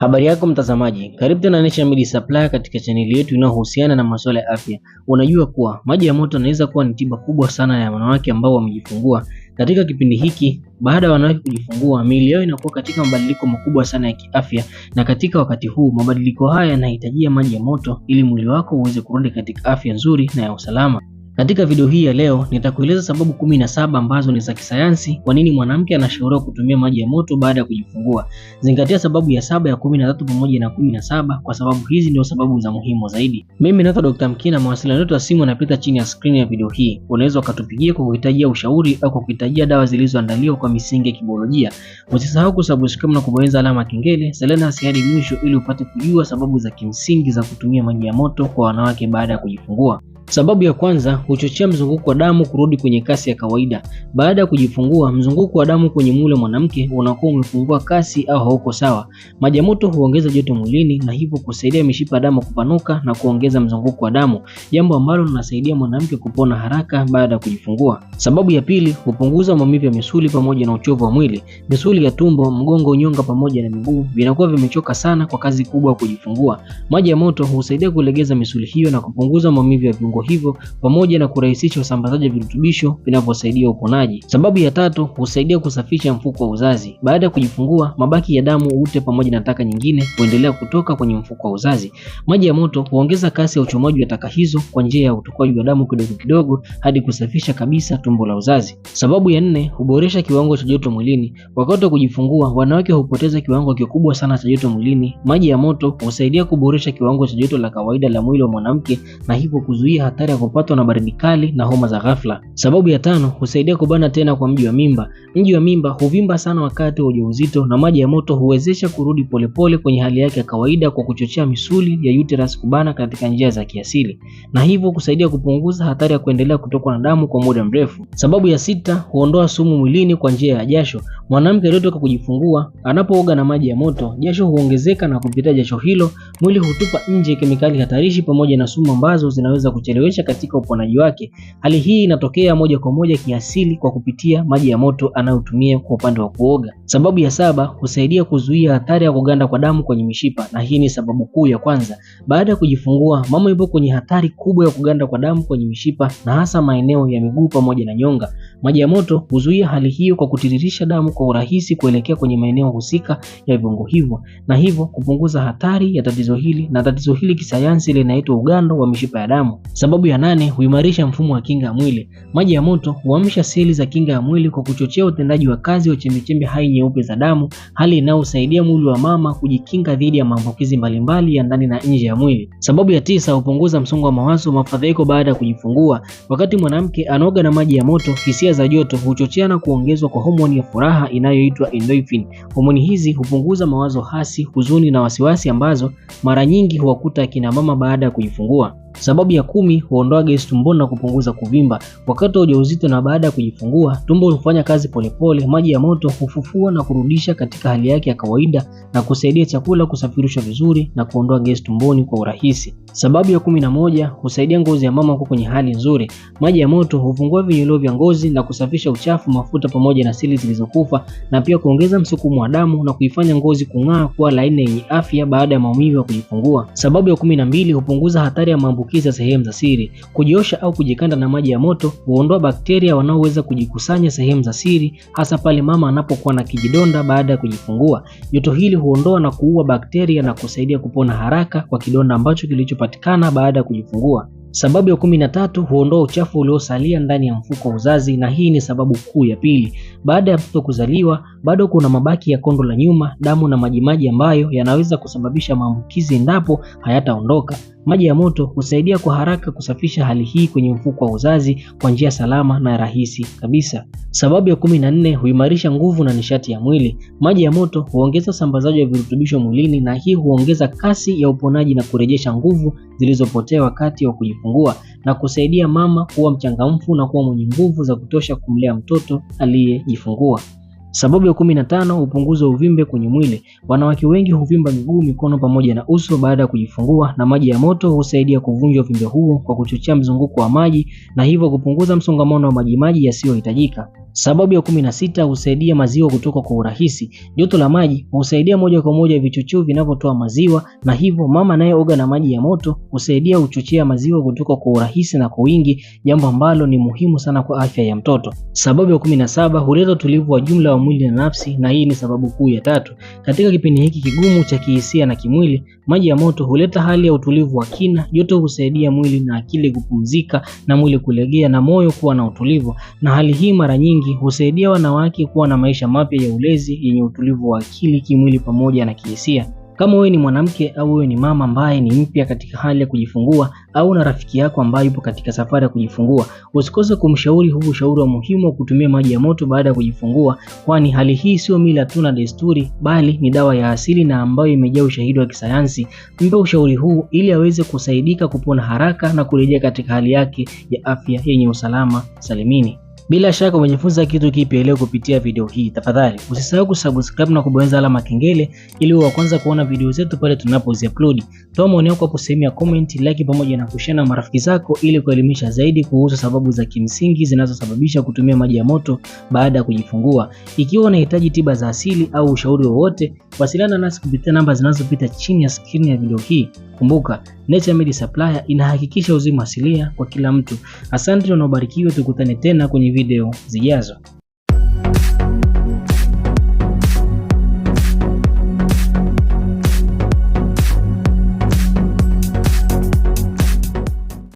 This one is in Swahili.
Habari yako mtazamaji, karibu tena Naturemed Supplies katika chaneli yetu inayohusiana na masuala ya afya. Unajua kuwa maji ya moto yanaweza kuwa ni tiba kubwa sana ya wanawake ambao wamejifungua. Katika kipindi hiki, baada ya wanawake kujifungua, miili yao inakuwa katika mabadiliko makubwa sana ya kiafya, na katika wakati huu mabadiliko haya yanahitajia maji ya moto ili mwili wako uweze kurudi katika afya nzuri na ya usalama. Katika video hii ya leo nitakueleza sababu kumi na saba ambazo ni za kisayansi kwa nini mwanamke anashauriwa kutumia maji ya moto baada ya kujifungua. Zingatia sababu ya saba ya kumi na tatu pamoja na kumi na saba kwa sababu hizi ndio sababu za muhimu zaidi. Mimi naitwa Dr. Mkina, mawasiliano yetu ya simu yanapita chini ya skrini ya video hii. Unaweza ukatupigia kwa kuhitajia ushauri au kwa kuhitajia dawa zilizoandaliwa kwa misingi ya kibiolojia. Usisahau kusubscribe na kubonyeza alama kengele selenasi hadi mwisho ili upate kujua sababu za kimsingi za kutumia maji ya moto kwa wanawake baada ya kujifungua. Sababu ya kwanza, huchochea mzunguko wa damu kurudi kwenye kasi ya kawaida. Baada ya kujifungua, mzunguko wa damu kwenye mwili wa mwanamke unakuwa umepungua kasi au hauko sawa. Maji ya moto huongeza joto mwilini na hivyo kusaidia mishipa ya damu kupanuka na kuongeza mzunguko wa damu, jambo ambalo linasaidia mwanamke kupona haraka baada ya kujifungua. Sababu ya pili, hupunguza maumivu ya misuli pamoja na uchovu wa mwili. Misuli ya tumbo, mgongo, nyonga pamoja na miguu vinakuwa vimechoka sana kwa kazi kubwa ya kujifungua. Maji ya moto husaidia kulegeza misuli hiyo na kupunguza maumivu ya viungo kwa hivyo pamoja na kurahisisha usambazaji wa virutubisho vinavyosaidia uponaji. Sababu ya tatu, husaidia kusafisha mfuko wa uzazi. Baada ya kujifungua, mabaki ya damu, ute pamoja na taka nyingine huendelea kutoka kwenye mfuko wa uzazi. Maji ya moto huongeza kasi ya uchomaji wa taka hizo kwa njia ya utokaji wa damu kidogo kidogo hadi kusafisha kabisa tumbo la uzazi. Sababu ya nne, huboresha kiwango cha joto mwilini. Wakati wa kujifungua, wanawake hupoteza kiwango kikubwa sana cha joto mwilini. Maji ya moto husaidia kuboresha kiwango cha joto la kawaida la mwili wa mwanamke na hivyo kuzuia hatari ya kupatwa na baridi kali na homa za ghafla. Sababu ya tano, husaidia kubana tena kwa mji wa mimba. Mji wa mimba huvimba sana wakati wa ujauzito na maji ya moto huwezesha kurudi polepole kwenye hali yake ya kawaida kwa kuchochea misuli ya uterus kubana katika njia za kiasili na hivyo kusaidia kupunguza hatari ya kuendelea kutokwa na damu kwa muda mrefu. Sababu ya sita, huondoa sumu mwilini kwa njia ya jasho. Mwanamke aliyetoka kujifungua anapooga na maji ya moto, jasho huongezeka na kupitia jasho hilo mwili hutupa nje kemikali hatarishi pamoja na sumu ambazo zinaweza kuchelewa kuchelewesha katika uponaji wake. Hali hii inatokea moja kwa moja kiasili kwa kupitia maji ya moto anayotumia kwa upande wa kuoga. Sababu ya saba, husaidia kuzuia hatari ya kuganda kwa damu kwenye mishipa, na hii ni sababu kuu ya kwanza. Baada ya kujifungua, mama yupo kwenye hatari kubwa ya kuganda kwa damu kwenye mishipa na hasa maeneo ya miguu pamoja na nyonga. Maji ya moto huzuia hali hiyo kwa kutiririsha damu kwa urahisi kuelekea kwenye maeneo husika ya viungo hivyo, na hivyo kupunguza hatari ya tatizo hili, na tatizo hili kisayansi linaitwa ugando wa mishipa ya damu. Sababu ya nane, huimarisha mfumo wa kinga ya mwili. Maji ya moto huamsha seli za kinga ya mwili kwa kuchochea utendaji wa kazi wa chembechembe hai nyeupe za damu, hali inayosaidia mwili wa mama kujikinga dhidi ya maambukizi mbalimbali ya ndani na nje ya mwili. Sababu ya tisa, hupunguza msongo wa mawazo, mafadhaiko baada ya kujifungua. Wakati mwanamke anaoga na maji ya moto, hisia za joto huchochea na kuongezwa kwa homoni ya furaha inayoitwa endorphin. Homoni hizi hupunguza mawazo hasi, huzuni na wasiwasi ambazo mara nyingi huwakuta akina mama baada ya kujifungua. Sababu ya kumi, huondoa gesi tumboni na kupunguza kuvimba wakati wa ujauzito na baada ya kujifungua. Tumbo hufanya kazi polepole, maji ya moto hufufua na kurudisha katika hali yake ya kawaida na kusaidia chakula kusafirishwa vizuri na kuondoa gesi tumboni kwa urahisi. Sababu ya kumi na moja, husaidia ngozi ya mama kuwa kwenye hali nzuri. Maji ya moto hufungua vinyeleo vya ngozi na kusafisha uchafu, mafuta pamoja na seli zilizokufa na pia kuongeza msukumo wa damu na kuifanya ngozi kung'aa kuwa laini yenye afya baada ya maumivu ya kujifungua. Sababu ya kumi na mbili, hupunguza hatari ya maambukizi kuambukiza sehemu za siri. Kujiosha au kujikanda na maji ya moto huondoa bakteria wanaoweza kujikusanya sehemu za siri, hasa pale mama anapokuwa na kijidonda baada ya kujifungua. Joto hili huondoa na kuua bakteria na kusaidia kupona haraka kwa kidonda ambacho kilichopatikana baada ya kujifungua. Sababu ya kumi na tatu, huondoa uchafu uliosalia ndani ya mfuko wa uzazi, na hii ni sababu kuu ya pili. Baada ya mtoto kuzaliwa, bado kuna mabaki ya kondo la nyuma, damu na majimaji ambayo yanaweza kusababisha maambukizi endapo hayataondoka. Maji ya moto husaidia kwa haraka kusafisha hali hii kwenye mfuko wa uzazi kwa njia salama na rahisi kabisa. Sababu ya kumi na nne, huimarisha nguvu na nishati ya mwili. Maji ya moto huongeza usambazaji wa virutubisho mwilini na hii huongeza kasi ya uponaji na kurejesha nguvu zilizopotea wakati wa kujifungua na kusaidia mama kuwa mchangamfu na kuwa mwenye nguvu za kutosha kumlea mtoto aliyejifungua. Sababu ya kumi na tano, upunguzi wa uvimbe kwenye mwili. Wanawake wengi huvimba miguu, mikono pamoja na uso baada ya kujifungua, na maji ya moto husaidia kuvunja uvimbe huo kwa kuchochea mzunguko wa maji na hivyo kupunguza msongamano wa majimaji yasiyohitajika. Sababu ya kumi na sita husaidia maziwa kutoka kwa urahisi. Joto la maji husaidia moja kwa moja vichuchuu vinavyotoa maziwa, na hivyo mama anayeoga na maji ya moto husaidia uchochea maziwa kutoka kwa urahisi na kwa wingi, jambo ambalo ni muhimu sana kwa afya ya mtoto. Sababu ya kumi na saba huleta utulivu wa jumla wa mwili na nafsi, na hii ni sababu kuu ya tatu. Katika kipindi hiki kigumu cha kihisia na kimwili, maji ya moto huleta hali ya utulivu wa kina. Joto husaidia mwili na akili kupumzika, na mwili kulegea, na moyo kuwa na utulivu, na hali hii mara nyingi nyingi husaidia wanawake kuwa na maisha mapya ya ulezi yenye utulivu wa akili, kimwili pamoja na kihisia. Kama wewe ni mwanamke au wewe ni mama ambaye ni mpya katika hali ya kujifungua au na rafiki yako ambaye yupo katika safari ya kujifungua, usikose kumshauri huu ushauri wa muhimu wa kutumia maji ya moto baada ya kujifungua, kwani hali hii sio mila tu na desturi, bali ni dawa ya asili na ambayo imejaa ushahidi wa kisayansi. Mpe ushauri huu ili aweze kusaidika kupona haraka na kurejea katika hali yake ya afya yenye usalama salimini. Bila shaka umejifunza kitu kipya leo kupitia video hii. Tafadhali usisahau kusubscribe na kubonyeza alama kengele ili uwe wa kwanza kuona video zetu pale upload. Toa maoni yako hapo sehemu ya comment, like pamoja na kushare na marafiki zako ili kuelimisha zaidi kuhusu sababu za kimsingi zinazosababisha kutumia maji ya moto baada ya kujifungua. Ikiwa unahitaji tiba za asili au ushauri wowote Wasiliana nasi kupitia namba zinazopita chini ya skrini ya video hii. Kumbuka, Naturemed Supplier inahakikisha uzima asilia kwa kila mtu. Asante na ubarikiwe, tukutane tena kwenye video zijazo.